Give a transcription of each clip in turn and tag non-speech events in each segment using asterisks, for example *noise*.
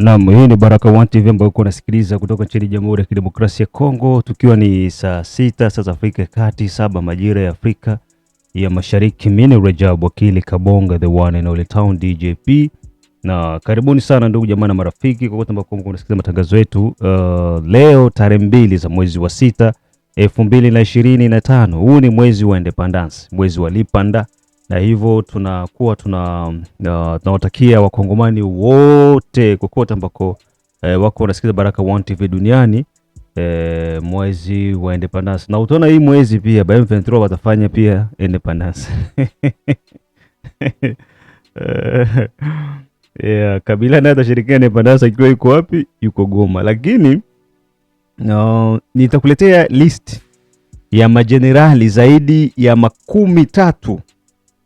Naam, hii ni Baraka1 TV ambayo uko unasikiliza kutoka nchini Jamhuri ya Kidemokrasia ya Kongo, tukiwa ni saa sita saa za Afrika ya Kati, saba majira ya Afrika ya Mashariki. Mimi Rajab Wakili Kabonga, the one and only town DJP, na karibuni sana ndugu jamaa na marafiki kokote ambako unasikiliza matangazo yetu. Uh, leo tarehe mbili za mwezi wa sita 2025 Huu ni mwezi wa independence, mwezi wa lipanda na hivyo tunakuwa tuna uh, wakongomani wote kokote ambako eh, wako wanasikiliza Baraka One TV duniani eh, mwezi wa independence, na utaona hii mwezi pia M23 watafanya pia independence yeah, *laughs* Kabila naye atashirikia independence akiwa yuko wapi? Yuko Goma, lakini no, nitakuletea list ya majenerali zaidi ya makumi tatu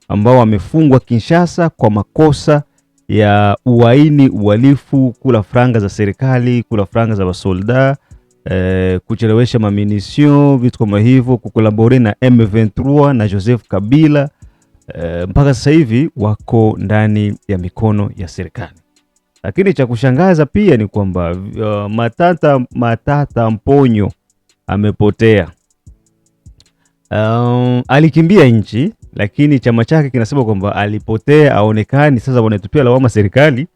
ambao wamefungwa Kinshasa kwa makosa ya uhaini, uhalifu, kula franga za serikali, kula franga za wasolda eh, kuchelewesha maminisio, vitu kama hivyo, kukolabore na M23 na Joseph Kabila eh, mpaka sasa hivi wako ndani ya mikono ya serikali. Lakini cha kushangaza pia ni kwamba uh, Matata, Matata Mponyo amepotea. Um, alikimbia nchi lakini chama chake kinasema kwamba alipotea, aonekani. Sasa wanatupia lawama serikali,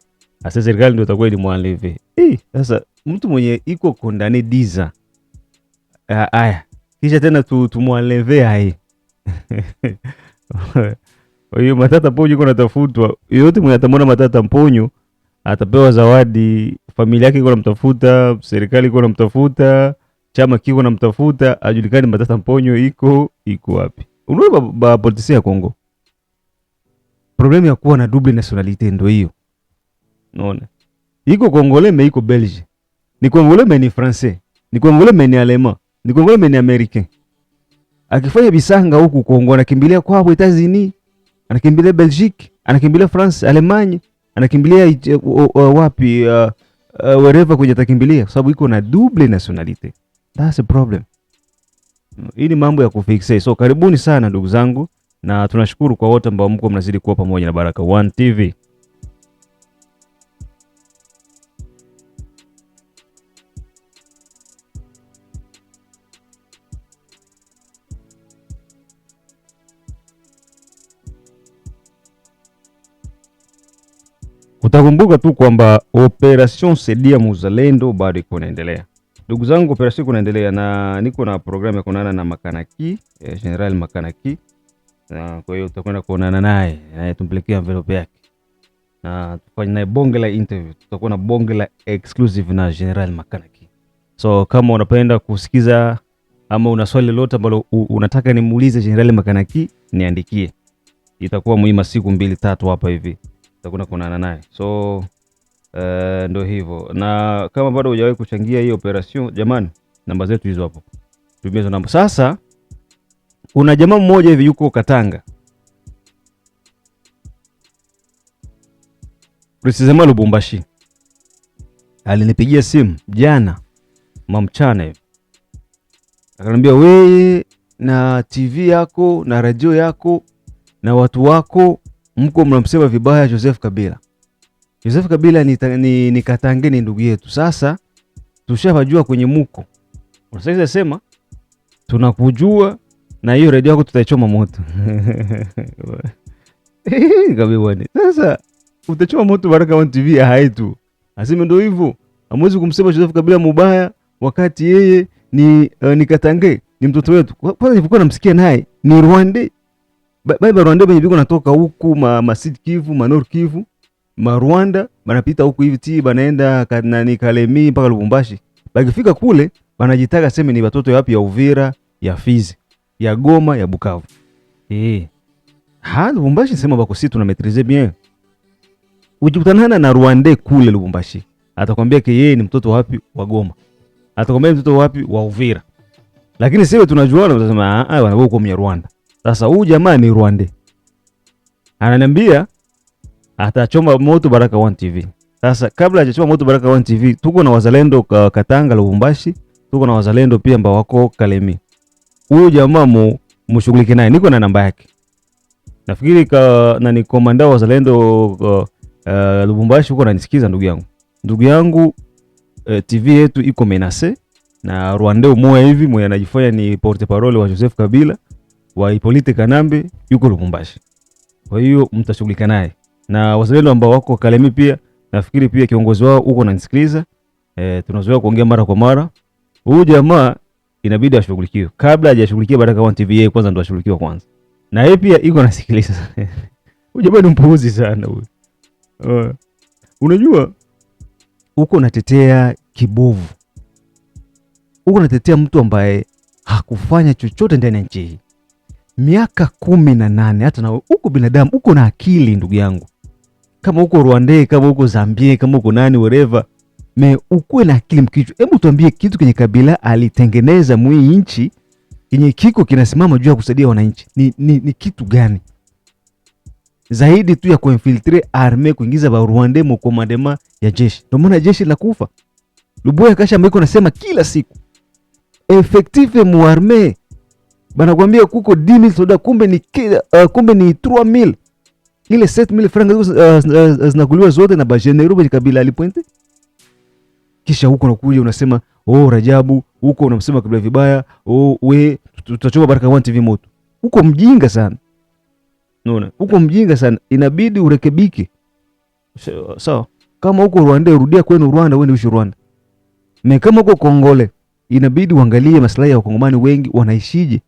hasa serikali ndio itakuwa ilimwaleve. Sasa mtu mwenye iko kondani diza ah, aya, kisha tena tumwaleve aye *laughs* kwa hiyo Matata Mponyo iko natafutwa, yoyote mwenye atamwona Matata Mponyo atapewa zawadi. Familia yake iko namtafuta, serikali iko namtafuta, chama kiko namtafuta, ajulikani Matata Mponyo iko iko wapi. Unaona ba ba politisi ya Kongo, problemu ya kuwa na double nationalite ndo hiyo. Unaona iko Kongole me iko Belge, ni Kongole me ni Francais, ni Kongole me ni Alema, ni Kongole me ni Americain. Akifanya bisanga huku Kongo anakimbilia kwao Etazini, anakimbilia Belgique, anakimbilia France, Alemanya, anakimbilia wapi, uh, uh, wereva kwenye atakimbilia, kwa sababu iko na double nationalite. That's a problem hii ni mambo ya kufixe So karibuni sana ndugu zangu, na tunashukuru kwa wote ambao mko mnazidi kuwa pamoja na Baraka One TV. Utakumbuka tu kwamba operation saidia muzalendo bado iko inaendelea. Ndugu zangu, operesheni kunaendelea na niko na programu ya kuonana na Makanaki eh, General Makanaki. Na kwa hiyo tutakwenda kuonana naye naye, tumpelekea envelope yake na tufanye naye bonge la interview. Tutakuwa na bonge la exclusive na General Makanaki. So kama unapenda kusikiza ama una swali lolote ambalo unataka nimuulize General Makanaki, niandikie. Itakuwa muhimu siku mbili tatu hapa hivi tutakwenda kuonana naye so Eh, ndo hivyo, na kama bado hujawahi kuchangia hii operation, jamani, namba zetu hizo hapo, tumia hizo namba. Sasa kuna jamaa mmoja hivi yuko Katanga, Rusizama Lubumbashi, alinipigia simu jana mamchana hivi, akaniambia weye, na TV yako na radio yako na watu wako mko mnamsema vibaya Joseph Kabila Joseph Kabila ni, ni, ni Katange, ni ndugu yetu. Sasa tushawajua kwenye muko, unasaidia sema tunakujua na hiyo redio yako tutaichoma moto kabisa. *laughs* Sasa utachoma moto Baraka One TV haitu aseme, ndio hivyo. Amwezi kumsema Joseph Kabila mubaya wakati yeye ni, uh, ni Katange ni mtoto wetu. Kwanza nilipokuwa namsikia naye ni Rwanda, baba Rwanda benye biko natoka huku ma, ma Sud Kivu ma Nord Kivu Marwanda banapita huku hivi ti banaenda nani Kalemi mpaka Lubumbashi. Bakifika kule banajitaka sema ni watoto wapi ya Uvira, ya Fizi, ya Goma, ya Bukavu. Eh. Ha, Lubumbashi sema bako sisi tuna maitrize bien. Ujikutanana na Rwande kule Lubumbashi. Atakwambia ke yeye ni mtoto wapi wa Goma. Atakwambia mtoto wapi wa Uvira. Lakini sisi na tunasema ah, ah, wanakuwa kwa Rwanda. Sasa huyu jamaa ni Rwande. Ananiambia atachoma moto Baraka One TV. Sasa kabla hajachoma moto Baraka One TV, tuko na wazalendo uh, Katanga, Lubumbashi, tuko na wazalendo pia ambao wako Kalemi. Huyu jamaa mu mshughulike naye, niko na namba yake. Nafikiri ka na ni komanda wa wazalendo uh, uh, Lubumbashi, huko ananisikiza ndugu yangu, ndugu yangu uh, TV yetu iko menase na Rwandeo moya hivi mwe anajifanya ni porte parole wa Joseph Kabila wa Ipolite Kanambe yuko Lubumbashi, kwa hiyo mtashughulika naye na wazalendo ambao wako Kalemi pia nafikiri pia kiongozi wao huko ananisikiliza. E, tunazoea kuongea mara kwa mara. Huyu jamaa inabidi ashughulikiwe kabla hajashughulikiwa Baraka One TV, kwanza ndo ashughulikiwe kwanza, na yeye pia iko anasikiliza. *laughs* Huyu jamaa ni mpuuzi sana huyu. Uh, unajua uko natetea kibovu, uko natetea mtu ambaye hakufanya chochote ndani ya nchi hii miaka kumi na nane. Hata na huko binadamu huko na akili, ndugu yangu kama uko Rwanda, kama uko Zambia, kama uko nani wherever, me ukuwe na akili mkichwa. Hebu tuambie kitu kwenye Kabila alitengeneza mwii nchi kenye kiko kinasimama juu ya kusaidia wananchi ni, ni, ni kitu gani zaidi tu ya kuinfiltre arme kuingiza ba Rwanda mu komandema ya jeshi? Ndio maana jeshi la kufa Lubuya kasha mbiko nasema kila siku effective mu arme banakuambia kuko 10000 soda, kumbe ni uh, kumbe ni 3000 ile 7000 franga uh, uh, zinaguliwa zote na bajenero kwenye kabila alipointe. Kisha huko unakuja unasema oh, Rajabu huko unamsema kabila vibaya, oh we tutachoma Baraka 1 TV moto. Huko mjinga sana, unaona, huko mjinga sana, inabidi urekebike. Sawa so, so, kama huko Rwanda urudia kwenu Rwanda, wewe ni Rwanda. Na kama huko Kongole inabidi uangalie maslahi ya wakongomani wengi wanaishije.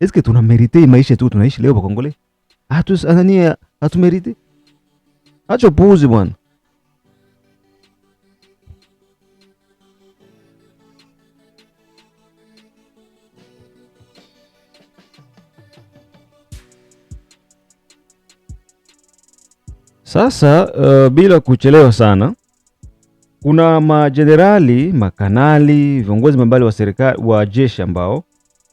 Eske tunamerite maisha tu tunaishi leo kwa Kongole? Hatu anania hatumerithi. Acha upuuzi bwana. Sasa uh, bila kuchelewa sana, kuna majenerali, makanali, viongozi mbalimbali wa serikali wa jeshi ambao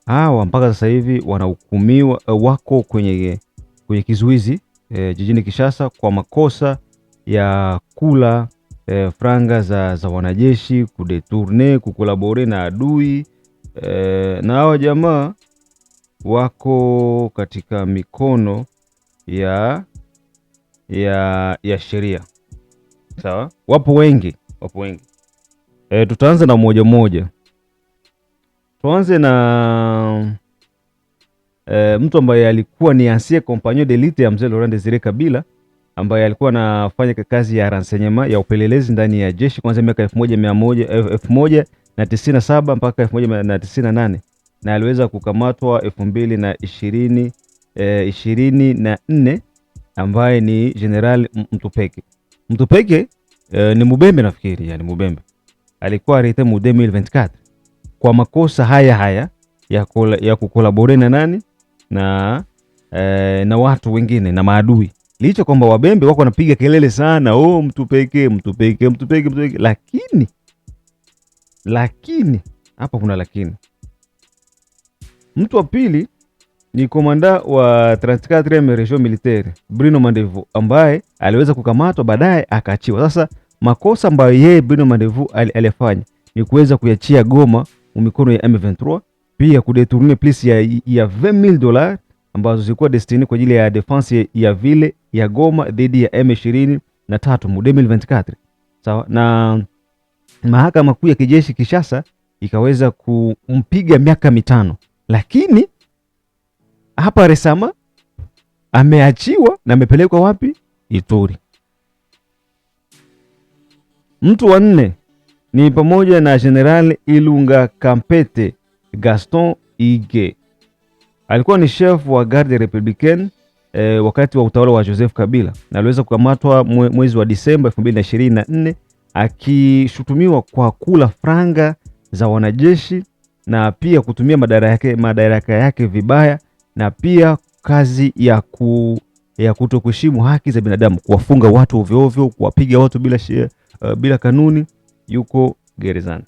hawa mpaka sasa hivi wanahukumiwa, uh, wako kwenye, kwenye kizuizi e, jijini kishasa kwa makosa ya kula e, franga za, za wanajeshi kudetourne kukolabore na adui e, na hawa jamaa wako katika mikono ya, ya, ya sheria sawa. Wapo wengi, wapo wengi e, tutaanza na mmoja mmoja, tuanze na Eh, mtu ambaye alikuwa ni ancien compagnon de lutte ya mzee Laurent Desire Kabila ambaye alikuwa anafanya kazi ya renseignement ya upelelezi ndani ya jeshi kuanzia miaka 1997 eh, na mpaka 1998 na aliweza kukamatwa elfu eh, nne ambaye ni General Mtupeke. Mtupeke eh, ni Mubembe nafikiri, yani Mubembe alikuwa arete mu 2024 kwa makosa haya haya ya, ya kukolabore na nani na e, na watu wengine na maadui, licha kwamba wabembe wako wanapiga kelele sana, oh, mtu pekee, mtu pekee, mtu pekee, mtu pekee, lakini lakini hapa kuna lakini, mtu wa pili ni komanda wa 34e Region Militaire Bruno Mandevu ambaye aliweza kukamatwa baadaye akaachiwa. Sasa makosa ambayo yeye Bruno Mandevu aliyafanya ni kuweza kuyachia Goma mikono ya M23 pia kudeturne plus ya, ya 20000 dollars ambazo zilikuwa destini kwa ajili ya defense ya vile ya Goma dhidi ya M23 mu 2024 sawa. Na mahakama kuu ya kijeshi Kishasa ikaweza kumpiga miaka mitano, lakini hapa Resama ameachiwa na amepelekwa wapi? Ituri. Mtu wa nne ni pamoja na General Ilunga Kampete Gaston Ige alikuwa ni chef wa garde republicaine e, eh, wakati wa utawala wa Joseph Kabila na aliweza kukamatwa mwe, mwezi wa Disemba 2024 akishutumiwa kwa kula franga za wanajeshi na pia kutumia madaraka yake, madaraka yake vibaya na pia kazi ya, ku, ya kutokuheshimu haki za binadamu, kuwafunga watu ovyoovyo, kuwapiga watu bila, uh, bila kanuni. Yuko gerezani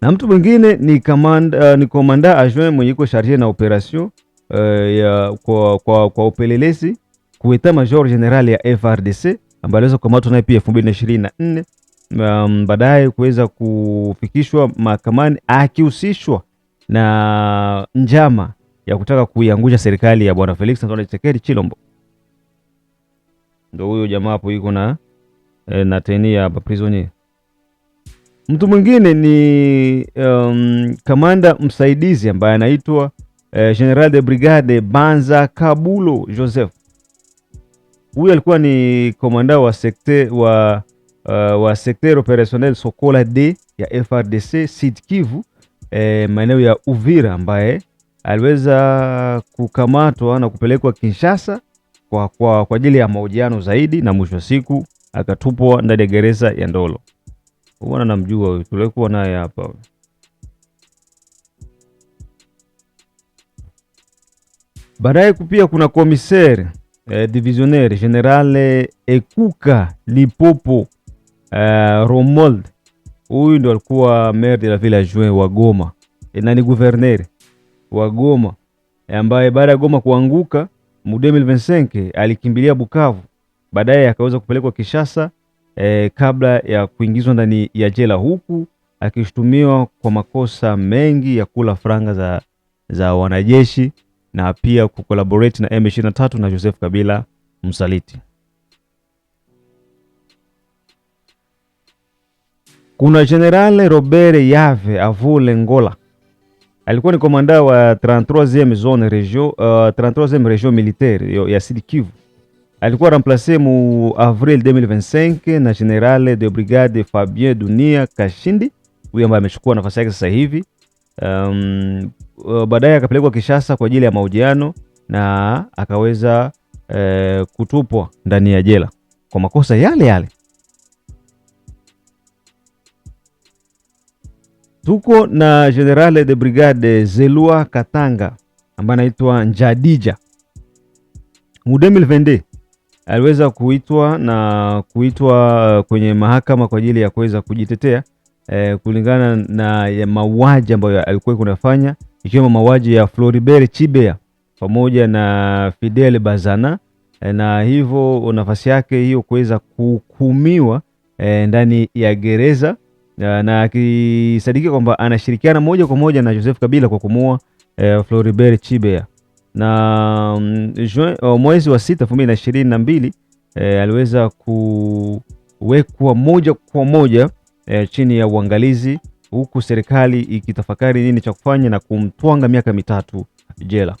na mtu mwingine ni komanda uh, ni komanda adjoint mwenye iko charge na operation uh, ya kwa, kwa, kwa upelelezi kuita major general ya FRDC ambaye aliweza kukamatwa naye pia 2024 um, baadaye kuweza kufikishwa mahakamani akihusishwa na njama ya kutaka kuiangusha serikali ya bwana Felix Antoine Tshisekedi Chilombo. Ndio huyo jamaa hapo yuko na eh, na teni ya prisonnier Mtu mwingine ni um, kamanda msaidizi ambaye anaitwa eh, General de Brigade Banza Kabulo Joseph. Huyu alikuwa ni komanda wa sekte wa, uh, wa secteur operationnel Sokola D ya FRDC Sud Kivu eh, maeneo ya Uvira ambaye aliweza kukamatwa na kupelekwa Kinshasa kwa ajili kwa, kwa ya mahojiano zaidi na mwisho wa siku akatupwa ndani ya gereza ya Ndolo. Bwana namjua huyu, tulikuwa naye hapa. Baadaye pia kuna commissaire eh, divisionnaire general Ekuka Lipopo eh, Romold. Huyu ndo alikuwa maire de la ville adjoint wa Goma eh, na ni gouverneur wa Goma eh, ambaye baada ya Goma kuanguka mu 2025 alikimbilia Bukavu, baadaye akaweza kupelekwa Kishasa e, kabla ya kuingizwa ndani ya jela huku akishutumiwa kwa makosa mengi ya kula franga za, za wanajeshi na pia kukolaborate na M23 na Joseph Kabila msaliti. Kuna General Robert Yave Avule Ngola alikuwa ni komanda wa 33e zone region uh, 33e region militaire ya Sud Kivu alikuwa remplace mu Avril 2025 na General de Brigade Fabien Dunia Kashindi, huyu ambaye amechukua nafasi yake sasa hivi. Um, uh, baadaye akapelekwa Kishasa kwa ajili ya mahojiano na akaweza eh, kutupwa ndani ya jela kwa makosa yale yale. Tuko na General de Brigade Zelua Katanga ambaye anaitwa Njadija mu 2022 aliweza kuitwa na kuitwa uh, kwenye mahakama kwa ajili ya kuweza kujitetea eh, kulingana na mauaji ambayo alikuwa kunafanya ikiwemo mauaji ya Floribert Chebeya pamoja na Fidel Bazana eh, na hivyo nafasi yake hiyo kuweza kuhukumiwa eh, ndani ya gereza eh, na akisadikia kwamba anashirikiana moja kwa moja na Joseph Kabila kwa kumuua eh, Floribert Chebeya na um, mm, juen, oh, mwezi wa sita elfu mbili na ishirini na mbili e, aliweza kuwekwa moja kwa moja e, chini ya uangalizi huku serikali ikitafakari nini cha kufanya na kumtwanga miaka mitatu jela.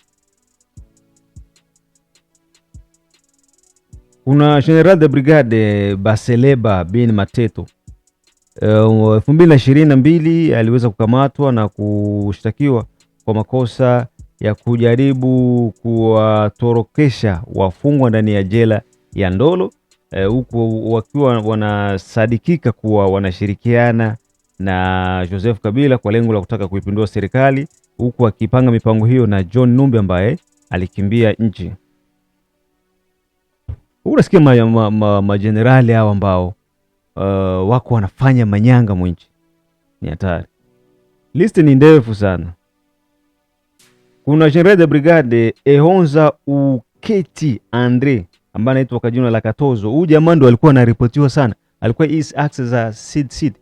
Kuna General de Brigade Baseleba bin Mateto eh, elfu mbili na ishirini na mbili aliweza kukamatwa na kushtakiwa kwa makosa ya kujaribu kuwatorokesha wafungwa ndani ya jela ya Ndolo eh, huku e, wakiwa wanasadikika kuwa wanashirikiana na Joseph Kabila kwa lengo la kutaka kuipindua serikali huku akipanga mipango hiyo na John Numbi ambaye alikimbia nchi. Unasikia majenerali ma, ma, ma hao ambao uh, wako wanafanya manyanga mwinchi, ni hatari. Listi ni ndefu sana. Kuna general de brigade Ehonza Uketi Andre ambaye anaitwa kwa jina la Katozo. Huyu jamaa ndo alikuwa anaripotiwa sana, alikuwa East Axis za Sid Sid,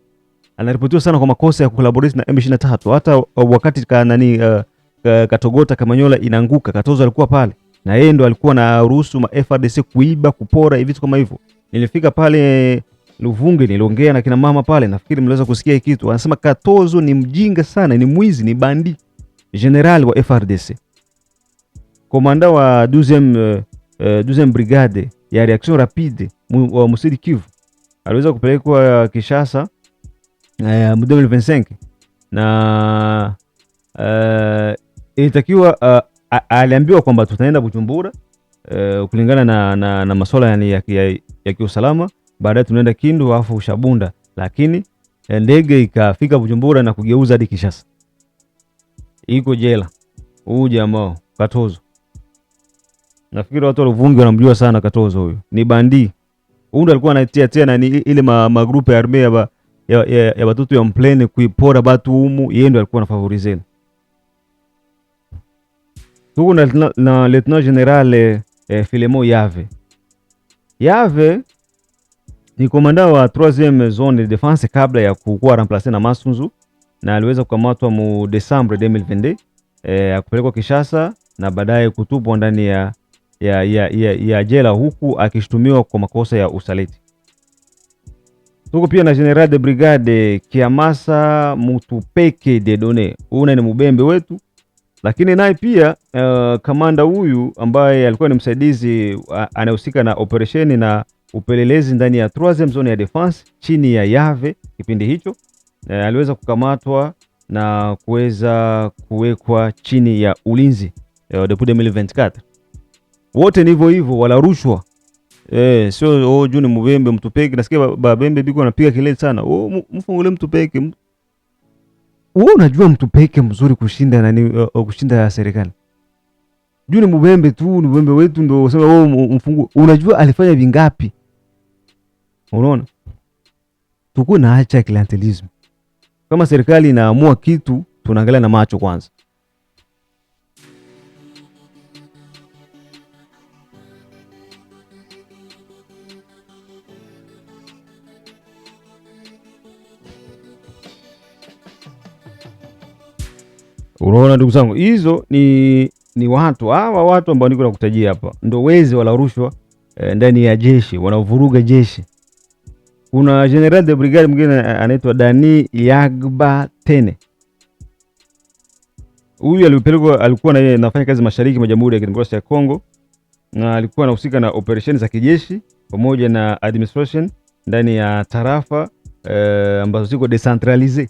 anaripotiwa sana kwa makosa ya kukolaborate na M23. Hata wakati ka nani uh, ka, Katogota Kamanyola inanguka, Katozo alikuwa pale na yeye ndo alikuwa na ruhusu ma FRDC kuiba, kupora vitu kama hivyo. Nilifika pale eh, Luvungi niliongea na kina mama pale, nafikiri mliweza kusikia kitu. Anasema Katozo ni mjinga sana, ni mwizi, ni bandit general wa FRDC, komanda wa 12e, uh, 12e brigade ya reaction rapide wa Musidi Kivu aliweza kupelekwa Kishasa uh, 2025 na uh, ilitakiwa uh, aliambiwa kwamba tutaenda Bujumbura uh, kulingana na, na, na masuala yani ya, ya, ya kiusalama, baadaye tunaenda Kindu afu Shabunda, lakini eh, ndege ikafika Bujumbura na kugeuza hadi Kishasa iko jela, huu jamaa Katozo. Nafikiri watu wa Luvungi wanamjua sana Katozo, huyo ni bandi. Huyu ndo alikuwa anatia tena ni ile ma, ma group ya armea ba, ya, ya, ya batutu ya mplene kuipora batu umu, yeye ndo alikuwa anafavorizeni huku na, na lieutenant general eh, eh, Filemo Yave. Yave ni komanda wa 3e zone de defense kabla ya kukuwa remplace na Masunzu na aliweza kukamatwa mu Desembre 2022 eh, akupelekwa Kishasa na baadaye kutupwa ndani ya, ya, ya, ya, ya jela huku akishtumiwa kwa makosa ya usaliti. Tuko pia na General de Brigade Kiamasa Mutupeke Dedone, una ni mubembe wetu, lakini naye pia uh, kamanda huyu ambaye alikuwa ni msaidizi uh, anayehusika na operesheni na upelelezi ndani ya 3e zone ya defense chini ya Yave kipindi hicho e, aliweza kukamatwa na kuweza kuwekwa chini ya ulinzi eh, wa Deputy Emile Ventricate. Wote ni hivyo hivyo wala rushwa e, sio oh, juu John Mubembe mtupeke. Nasikia Babembe biko anapiga kelele sana oh, mfungule mtupeke wewe unajua mtu peke mzuri kushinda nani, uh, kushinda ya serikali juu ni Mubembe tu, ni Mubembe wetu ndio usema wewe oh, mfungu. Unajua alifanya vingapi? Unaona, tuko na acha clientelism kama serikali inaamua kitu, tunaangalia na macho kwanza. Unaona ndugu zangu, hizo ni, ni watu hawa watu ambao niko nakutajia hapa, ndio wezi wala rushwa e, ndani ya jeshi wanavuruga jeshi. Kuna general de brigade mwingine eh, anaitwa Dani Yagba Tene. Huyu alipelekwa, alikuwa na yeye anafanya kazi mashariki mwa Jamhuri ya Kidemokrasia ya Kongo na alikuwa anahusika na operesheni za kijeshi pamoja na administration ndani ya tarafa eh, ambazo ziko decentralize.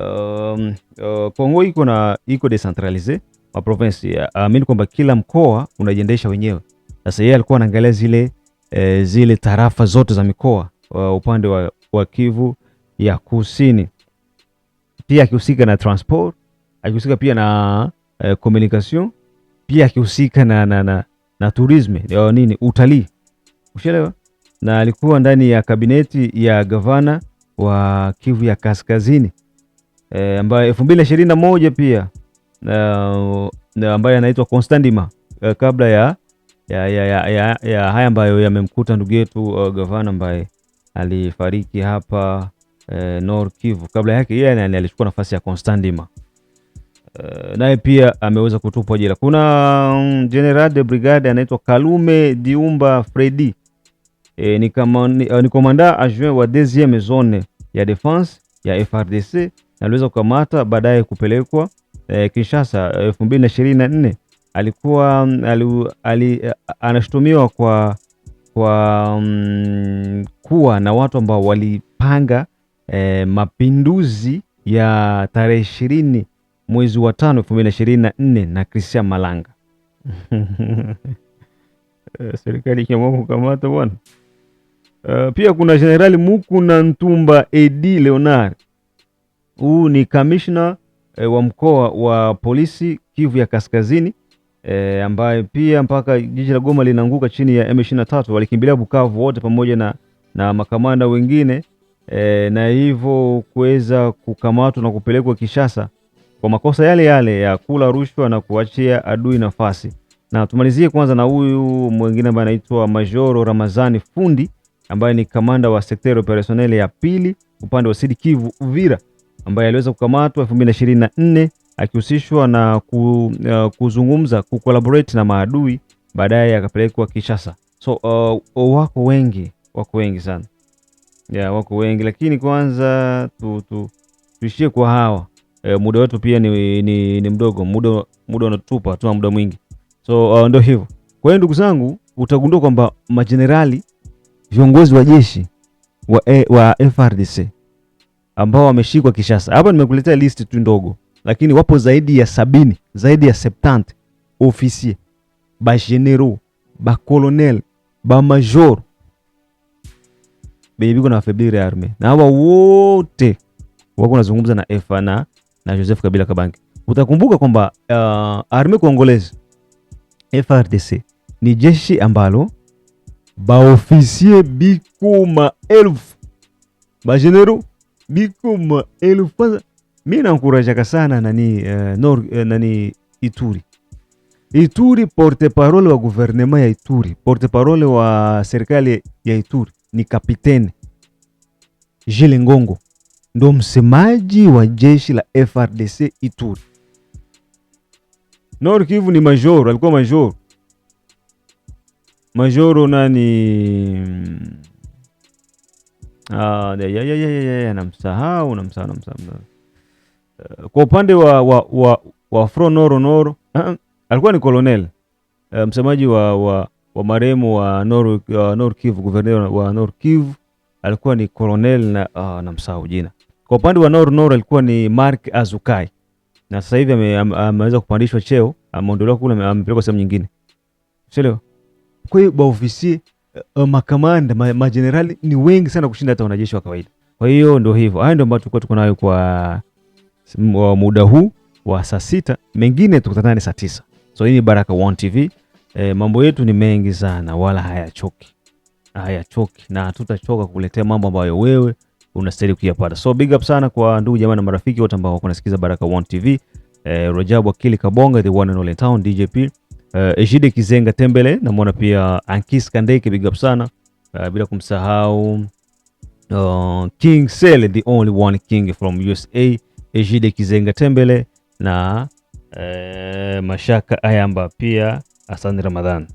Um, uh, Kongo iko na iko decentralize ma province, eh, amini kwamba kila mkoa unajiendesha wenyewe. Sasa yeye alikuwa anaangalia zile eh, zile tarafa zote za mikoa uh, upande wa, wa Kivu ya Kusini, pia akihusika na transport, akihusika pia na uh, communication, pia akihusika na, na, na, na tourisme ya nini, utalii, ushelewa. Na alikuwa ndani ya kabineti ya gavana wa Kivu ya Kaskazini e, ambaye elfu mbili na ishirini na moja pia ambaye anaitwa Constantima e, eh, kabla ya, ya, ya, ya, ya, ya haya ambayo yamemkuta ndugu yetu uh, gavana ambaye alifariki hapa e, eh, Nord Kivu. Kabla yake yeye yani, alichukua nafasi ya Constant e, naye pia ameweza kutupwa jela. Kuna mm, general de brigade anaitwa Kalume Diumba Fredi e, ni, ni komanda adjoint wa deuxième zone ya defense ya FRDC aliweza kukamata baadaye kupelekwa e, Kinshasa 2024. Alikuwa mm, ali, ali, anashutumiwa kwa, kwa mm, kulikuwa na watu ambao walipanga e, mapinduzi ya tarehe ishirini mwezi wa tano elfu mbili na ishirini na nne na Christian Malanga *laughs* serikali ikiamua kukamata bwana. Uh, pia kuna Generali Mukuna Ntumba Edi Leonard, huu ni kamishna e, wa mkoa wa polisi Kivu ya Kaskazini e, ambaye pia mpaka jiji la Goma linaanguka chini ya M23 walikimbilia Bukavu wote pamoja na na makamanda wengine e, na hivyo kuweza kukamatwa na kupelekwa Kishasa kwa makosa yale yale ya kula rushwa na kuachia adui nafasi. Na tumalizie kwanza na huyu mwingine ambaye anaitwa Majoro Ramazani Fundi ambaye ni kamanda wa sekteri operasioneli ya pili upande wa Sud Kivu Uvira, ambaye aliweza kukamatwa 2024 akihusishwa na ku, uh, kuzungumza ku na maadui, baadaye akapelekwa Kishasa. So uh, wako wengi wako wengi sana ya, wako wengi lakini kwanza tu, tu, tuishie kwa hawa e, muda wetu pia ni, ni, ni mdogo muda, muda unatupa tuna muda mwingi so uh, ndio hivyo. Kwa hiyo ndugu zangu, utagundua kwamba majenerali viongozi wa jeshi wa, e, wa FRDC ambao wameshikwa Kishasa, hapa nimekuletea listi tu ndogo, lakini wapo zaidi ya sabini, zaidi ya septante ofisie ba general ba ba Benye Biko na Febri Arme na hawa wote wako nazungumza na Efa na, na Joseph Kabila Kabange. Utakumbuka kwamba uh, Arme Kongolezi FRDC ni jeshi ambalo baofisie biko maelfu bajenero biko maelfu. Kwanza mi nankurajaka sana nani, uh, nor, uh, nani Ituri Ituri, porte parole wa guvernema ya Ituri, porte parole wa serikali ya Ituri ni Kapiteni Jile Ngongo, ndo msemaji wa jeshi la FRDC Ituri. Nord Kivu ni majoro, alikuwa majoro majoro nani? Ah, namsahau namsahau namsahau. Eh, kwa upande wa wa wa, wa Fro Noro Noro *clears throat* alikuwa ni colonel, uh, msemaji wa wa wa marehemu wa Nor, wa Nor Kivu, guverneur wa Nor Kivu alikuwa ni colonel na, uh, ah, na msahau jina. Kwa upande wa Nor Nor alikuwa ni Mark Azukai, na sasa hivi ameweza ame, ame kupandishwa cheo, ameondolewa kule, amepelekwa sehemu nyingine, sielewa. Kwa hiyo baofisi uh, eh, makamanda ma, majenerali ni wengi sana kushinda hata wanajeshi wa kawaida. Kwa hiyo ndio hivyo, haya ndio ambayo tulikuwa tuko nayo kwa muda huu wa saa sita, mengine tukutanane saa tisa. So hii ni Baraka1 TV. E, mambo yetu ni mengi sana, wala hayachoki, hayachoki na hatutachoka kukuletea mambo ambayo wewe unastahili kuyapata. So big up sana kwa ndugu jamaa na marafiki wote ambao wako kunasikiza Baraka One TV. E, eh, Rajabu Akili Kabonga the one and only town DJP, e, eh, Ejide Kizenga Tembele namwona pia Ankis Kandeke, big up sana e, bila kumsahau Uh, King Sele the only one king from USA, Ejide Kizenga Tembele na uh, Mashaka Ayamba pia Hassan Ramadán.